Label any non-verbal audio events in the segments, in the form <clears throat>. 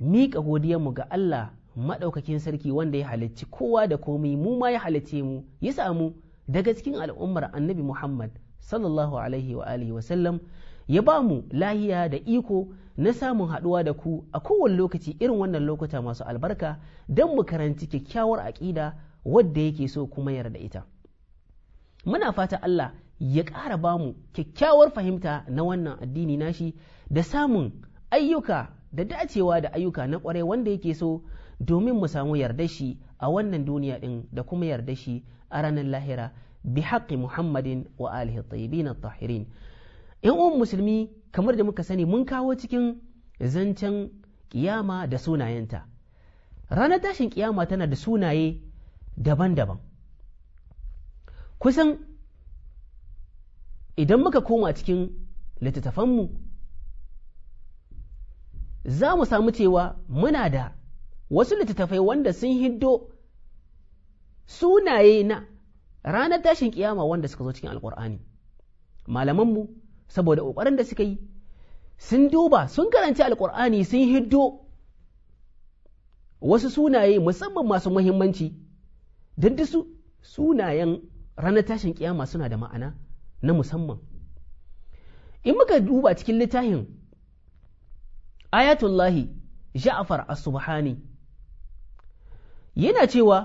miƙa mu ga Allah maɗaukakin sarki wanda ya halicci kowa da komai mu ma ya halicce mu ya samu daga cikin al'ummar annabi Muhammad sallallahu alaihi wa alihi wa sallam ya ba mu lahiya da iko na samun haɗuwa da ku a kowane lokaci irin wannan lokuta masu albarka don mu karanci kyakkyawar aƙida wadda yake so kuma yarda ita muna fata Allah ya ƙara ba mu kyakkyawar fahimta na wannan addini nashi da samun ayyuka da dacewa da ayyuka na kwarai wanda yake so domin mu samu yarda shi a wannan duniya ɗin da kuma yarda shi a ranar lahira bi haƙƙi muhammadin wa alihi tayyibin tahirin yan uwan musulmi kamar da muka sani mun kawo cikin zancen kiyama da sunayenta ranar tashin kiyama tana da sunaye daban-daban kusan idan muka koma cikin littattafanmu za mu samu cewa muna da wasu littattafai wanda sun hiddo sunaye na ranar tashin kiyama wanda suka zo cikin alkur'ani malamanmu saboda ƙoƙarin da suka yi sun duba sun karanci alkur'ani sun hiddo wasu sunaye musamman masu muhimmanci duk su sunayen ranar tashin kiyama suna da ma'ana na musamman in muka duba cikin littafin ayatullahi ja'far as-subhani yana cewa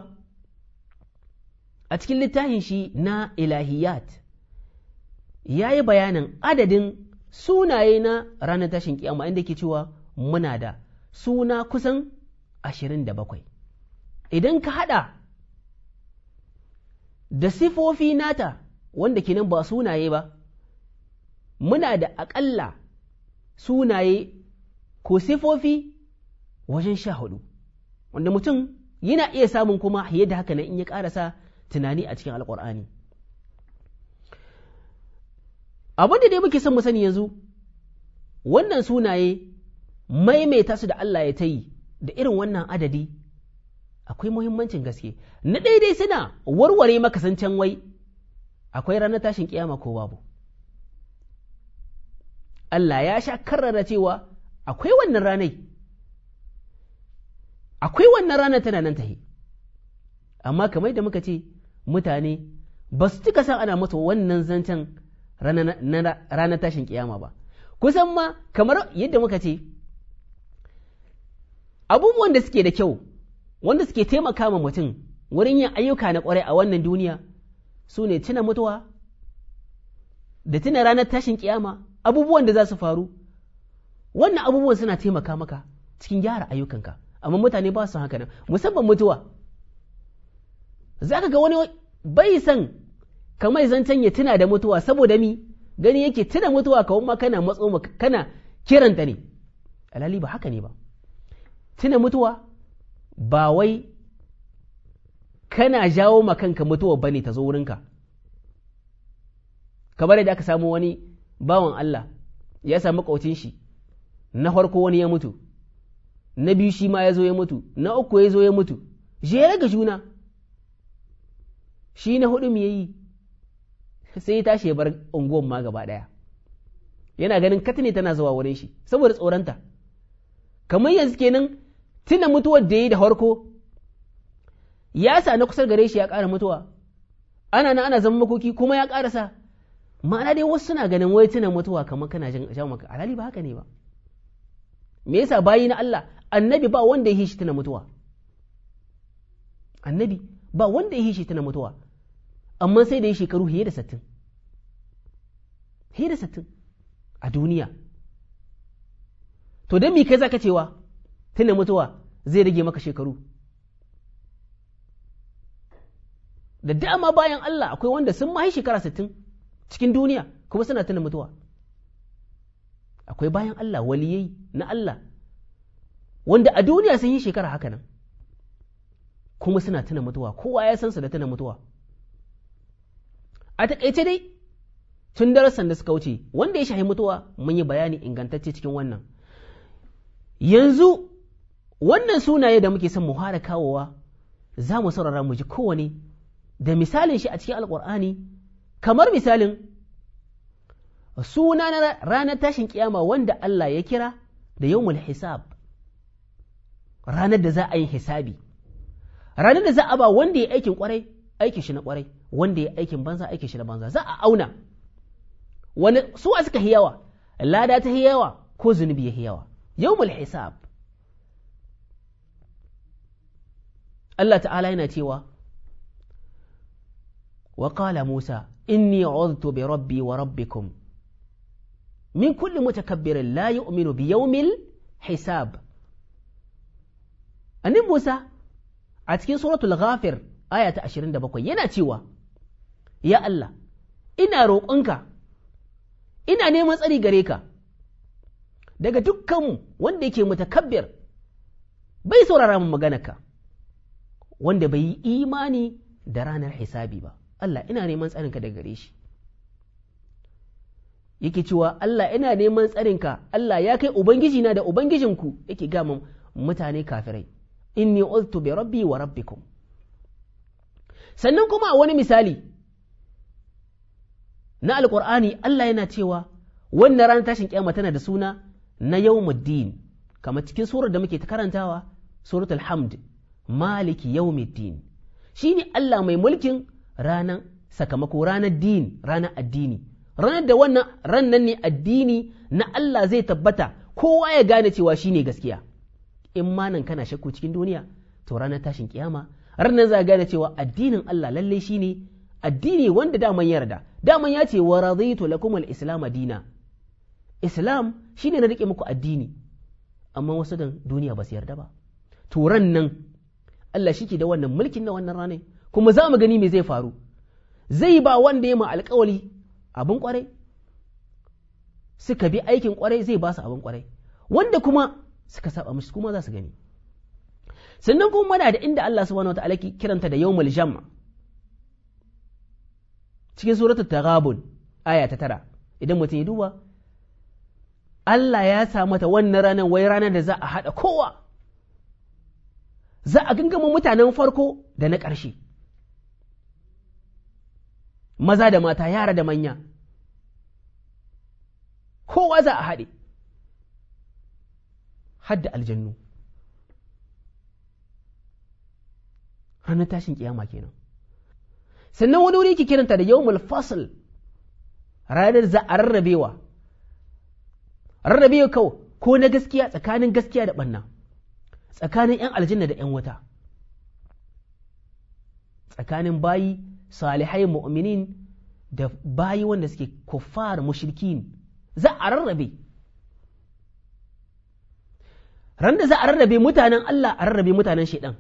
a cikin littafin shi na ilahiyat ya yi bayanin adadin sunaye na ranar tashin kiyama inda ke cewa muna da suna kusan ashirin idan ka hada da sifofi nata wanda kenan ba sunaye ba muna da aƙalla sunaye ko sifofi wajen sha hudu wanda mutum yana iya samun kuma yadda da haka nan in ya karasa tunani a cikin alkur'ani abin da dai muke son mu sani yanzu wannan sunaye maimaita su da Allah ya ta yi da irin wannan adadi akwai muhimmancin gaske na daidai suna warware makasancen wai akwai ranar tashin kiyama ko babu Allah ya sha karrara cewa akwai wannan ranai akwai wannan ranar tana nan tahi amma kamar da muka ce mutane ba su cika san ana musu wannan zancen ranar tashin kiyama ba kusan ma kamar yadda muka ce abubuwan da suke da kyau wanda suke taimaka ma mutum wurin yin ayyuka na kwarai a wannan duniya su ne tuna mutuwa da tuna ranar tashin kiyama abubuwan da za su faru wannan abubuwan suna taimaka maka cikin gyara ayyukanka amma mutane ba su haka nan musamman mutuwa za ka ga wani bai san kamai zancen ya tuna da mutuwa saboda mi gani yake tuna mutuwa kawai ma kana matso kana kiranta ne alhali ba haka ne ba tuna mutuwa ba wai kana jawo ma kanka mutuwa bane ta zo wurinka kamar yadda aka samu wani bawan Allah ya samu kaucin shi na farko wani ya mutu na biyu shi ma ya zo ya mutu na uku ya zo ya mutu jere ga juna shi na hudu ya yi sai ya tashi ya bar unguwan ma gaba daya yana ganin katine tana zuwa wurin shi saboda tsoronta kamar yanzu kenan tuna mutuwar da ya yi da farko ya sa na kusa gare shi ya ƙara mutuwa ana na ana zama makoki kuma ya ƙarasa ma'ana dai wasu suna ganin wai tuna mutuwa kamar kana jan maka alhali ba haka ne ba me yasa bayi na Allah annabi ba wanda ya shi tana mutuwa annabi ba wanda ya shi tana mutuwa amma sai da ya shekaru fiye da sattin fiye da sattin a duniya to don me kai zaka cewa tana mutuwa zai rage maka shekaru da dama bayan Allah akwai wanda sun mahi shekara sittin cikin duniya kuma suna tana mutuwa akwai bayan Allah waliyai na Allah wanda a duniya sun yi shekara haka nan kuma suna tuna mutuwa kowa ya san su da tuna mutuwa a takaice dai tun darasan da suka wuce wanda ya shahi mutuwa mun yi bayani ingantacce cikin wannan yanzu wannan sunaye da muke son mu fara kawowa za mu saurara mu ji kowane da misalin shi a cikin alkur'ani kamar misalin suna na ranar tashin kiyama wanda Allah ya kira da yawmul hisab ranar da za a yi hisabi ranar da za a ba wanda ya aikin kwarai aikin shi na kwarai wanda ya aikin banza aikin shi na banza za a auna wani su a suka hiyawa lada ta hiyawa ko zunubi ya hiyawa yawmul hisab Allah ta'ala yana cewa wa qala Musa inni 'udtu bi rabbi wa rabbikum min kulli mutakabbirin la yu'minu bi yawmil hisab annabi Musa a cikin suratul ghafir aya ta 27 yana cewa ya Allah ina roƙonka ina neman tsari gare ka daga dukkan wanda yake mutakabbir bai saurara mu maganarka wanda bai yi imani da ranar hisabi ba Allah ina neman tsarinka daga gare shi yake cewa Allah ina neman tsarinka Allah ya kai ubangiji na da ubangijinku yake gama mutane kafirai inni uztu bi rabbi wa rabbikum sannan kuma a wani misali na alkur'ani Allah yana cewa wannan ranar tashin kiyama tana da suna na yawmuddin kamar cikin surar da muke ta karantawa suratul hamd maliki yawmiddin shine Allah mai mulkin ranan sakamako ranar din ranar addini ranar da wannan ran nan ne addini na Allah zai tabbata kowa ya gane cewa ne gaskiya in ma kana shakku cikin duniya to ranar tashin kiyama ranar za a gane cewa addinin Allah lalle shine addini wanda daman yarda daman ya ce wa raditu lakum al-islam dina islam shine na rike muku addini amma wasu dan duniya ba su yarda ba to ran nan Allah shike da wannan mulkin na wannan ranar kuma za mu gani me zai faru zai ba wanda ya ma alkawali? abin kwarai suka bi aikin kwarai zai ba su abin kwarai wanda kuma suka saba mishi kuma za su gani sannan kuma muna da inda Allah subhanahu wataala ke kiranta da yawmul jam'a cikin suratul taghabun aya ta tara idan mutum ya duba Allah ya sa mata wannan ranar wai ranar da za a haɗa kowa za a gangama mutanen farko da na ƙarshe maza da mata yara da manya kowa za a haɗe hadda aljannu ranar tashin kiyama kenan sannan wani wuri yake kiranta da yawmul fasl ranar za a rarrabewa rarrabewa kawai ko na gaskiya tsakanin gaskiya da ɓanna tsakanin 'yan aljanna da 'yan wuta tsakanin bayi salihai mu'minin da bayi wanda suke kuffar mushrikin za a rarrabe ran da za a rarrabe mutanen Allah a rarrabe mutanen shaidan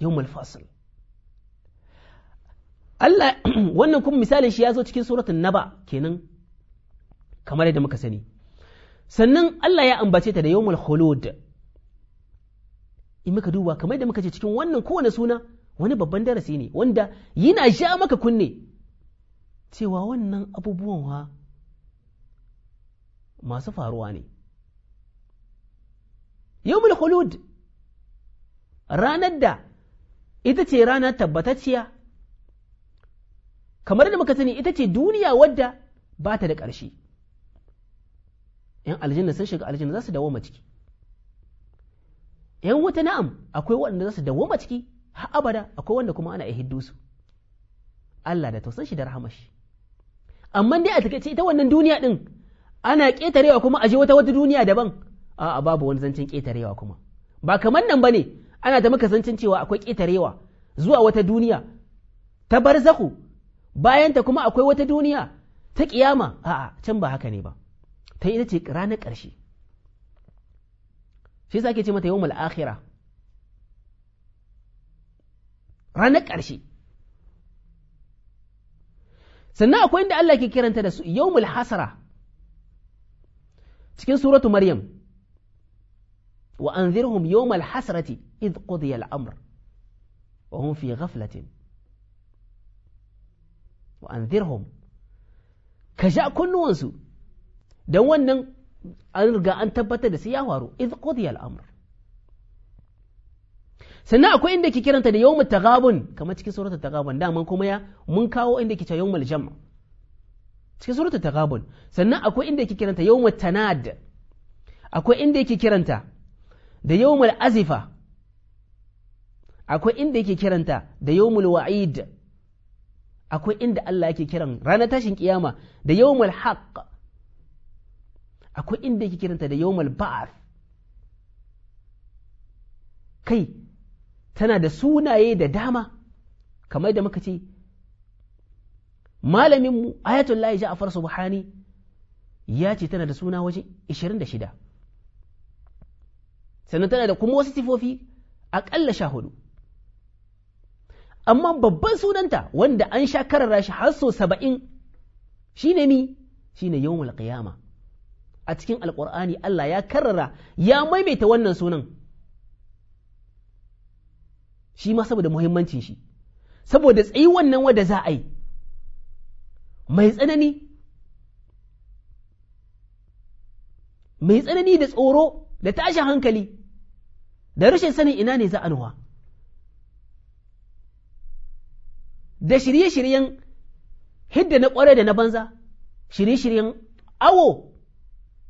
yawmul fasl Allah <clears throat> wannan kuma misalin shi ya zo cikin suratul naba kenan kamar yadda muka sani sannan Allah ya ambace ta da yawmul khulud in muka duba kamar da muka ce cikin wannan kowane suna wani babban darasi ne wanda yana sha maka kunne cewa wannan abubuwan wa masu faruwa ne yawmul khulud ranar da ita ce rana tabbatacciya kamar da muka sani ita ce duniya wadda ba ta da ƙarshe ‘yan aljanna sun shiga aljanna za su dawo ciki ‘yan wuta na'am akwai waɗanda za su dawoma ciki har abada akwai wanda kuma ana ihiddu su Allah da tausan shi da rahama shi amma dai a takaice ita wannan duniya din ana ƙetarewa kuma a je wata wata duniya daban a'a babu wani zancen ƙetarewa kuma ba kamar nan bane ana da maka zancen cewa akwai ƙetarewa zuwa wata duniya ta barzaku bayan ta kuma akwai wata duniya ta kiyama a'a can ba haka ne ba ta ita ce ranar ƙarshe shi yasa ake ce mata yawmul akhira ranar ƙarshe sannan akwai inda Allah ke kiranta da su yawmul hasara cikin suratu maryam wa anzirhum yawmal hasrati id qudiya al-amr wa hum fi ghaflatin wa anzirhum ka sha kunnuwansu don wannan an riga an tabbatar da sai ya faru iz qudiya al-amr sannan akwai inda ke kiranta da yawmut taghabun kamar cikin suratul taghabun daman kuma ya mun kawo inda ke cewa yawmul jam' cikin suratul taghabun sannan akwai inda ke kiranta yawmut tanad akwai inda yake kiranta da yawmul azifa akwai inda yake kiranta da yawmul wa'id akwai inda Allah yake kiran ranar tashin kiyama da yawmul haqq akwai inda yake kiranta da yawmal ba'ath kai tana da sunaye da dama kamar da muka ce malaminmu ayatullahi ja'far subhani ya ce tana da suna waje 26 sannan tana da kuma wasu sifofi aƙalla sha hudu amma babban sunanta wanda an sha karara shi har so saba'in shi ne mi shi ne yawon qiyama a cikin alkur'ani Allah ya karrara ya maimaita wannan sunan shi ma saboda muhimmancin shi saboda tsayi wannan wada za a yi mai tsanani mai tsanani da tsoro da tashin hankali da rashin sanin ina ne za a nuwa da shirye-shiryen hidda na ƙware da na banza shirye-shiryen awo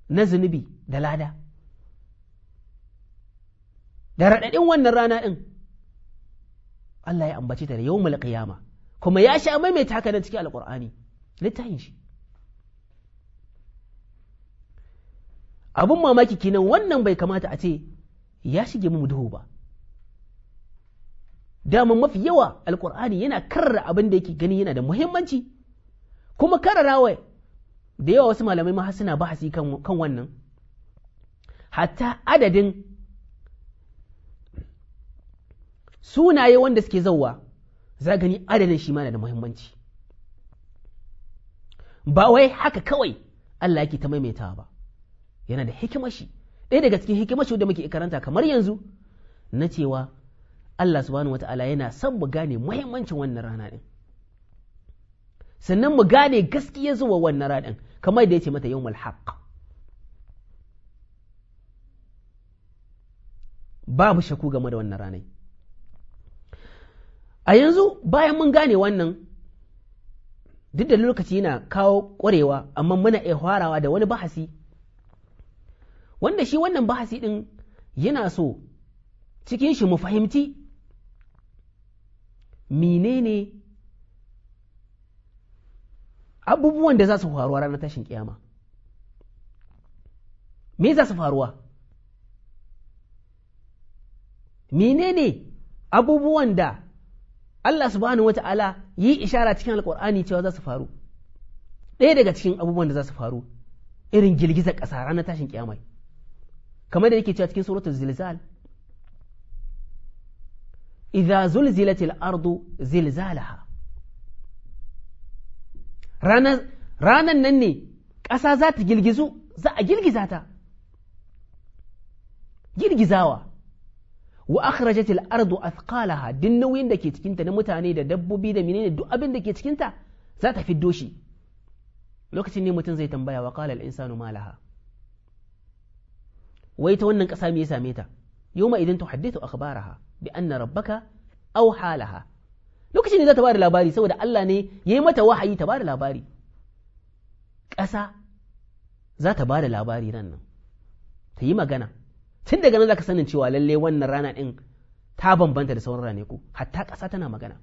na zunubi da lada da raɗaɗin wannan rana ɗin Allah ya ambace ta da yawon qiyama kuma ya sha mai mai nan cikin alƙur'ani littafin shi Abin mamaki kenan wannan bai kamata a ce ya shige mu duhu ba dama mafi yawa alƙur'ani yana karra abin da yake gani yana da muhimmanci kuma kararawa da yawa wasu malamai ma suna bahasi kan wannan hatta adadin sunaye wanda suke zauwa za gani adadin shi mana da muhimmanci ba wai haka kawai Allah yake ta maimaitawa ba yana da hikimar shi ɗaya daga cikin hikimar shi da muke karanta kamar yanzu na cewa Allah subhanahu wata'ala yana son mu gane muhimmancin wannan rana ɗin sannan mu gane gaskiya zuwa wannan raɗin kamar da ya ce mata yawmal haqq babu shaku game da wannan ranai a yanzu bayan mun gane wannan duk da lokaci yana kawo ƙwarewa amma muna iya farawa da wani bahasi wanda shi wannan bahasi ɗin yana so cikin shi mu fahimci menene abubuwan da za su faruwa ranar tashin kiyama me za su faruwa menene abubuwan da Allah subhanahu wata'ala yi ishara cikin alkur'ani cewa za su faru ɗaya daga cikin abubuwan da za su faru irin girgizar ƙasa ranar tashin kiyama kamar da yake cewa cikin suratul zilzal idza zulzilatil ardu zilzalaha ranan nan ne ƙasa za ta girgizu za a girgiza ta girgizawa wa akhrajat ardu athqalaha din nauyin da ke cikinta na mutane da dabbobi da menene duk abin da ke cikinta za ta fiddo shi lokacin ne mutum zai tambaya wa qala al-insanu laha wai ta wannan ƙasa me ya same ta yawma idan tuhaddithu akhbaraha bi anna rabbaka aw halaha lokacin ne za ta bada labari saboda Allah ne ya yi mata wahayi ta bada labari ƙasa za ta bada labari ran nan ta yi magana tun daga nan za ka sanin cewa lalle wannan rana ɗin ta bambanta da sauran ranaku hatta ƙasa tana magana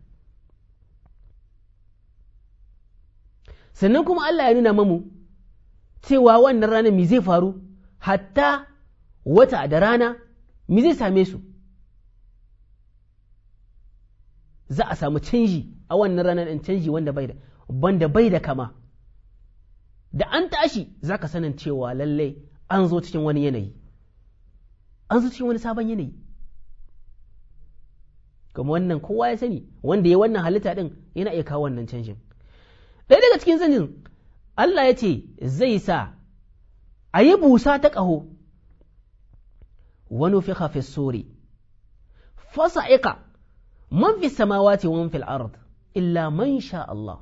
sannan kuma Allah ya nuna mamu cewa wannan rana mi zai faru hatta wata da rana mi zai same su za a samu canji a wannan ranar in canji wanda bai da banda bai da kama da an tashi za ka sanin cewa lallai an zo cikin wani yanayi an zo cikin wani sabon yanayi kuma wannan kowa ya sani wanda ya wannan halitta din yana iya kawo wannan canjin ɗaya daga cikin sanin Allah ya ce zai sa a yi busa ta ƙaho wani fi sori fasa'ika man fi samawati wa man fil ard illa man sha Allah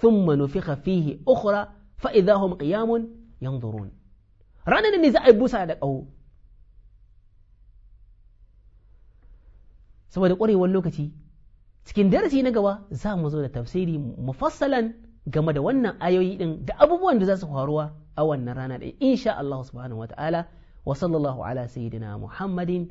thumma nufikha fihi ukhra fa idha hum qiyamun yanzurun ranar ne za a yi busa da ƙaho saboda ƙwarewar lokaci cikin darasi na gaba za mu zo da tafsiri mufassalan game da wannan ayoyi din da abubuwan da za su faruwa a wannan rana ɗaya insha Allah subhanahu wa ta'ala wa sallallahu ala sayyidina Muhammadin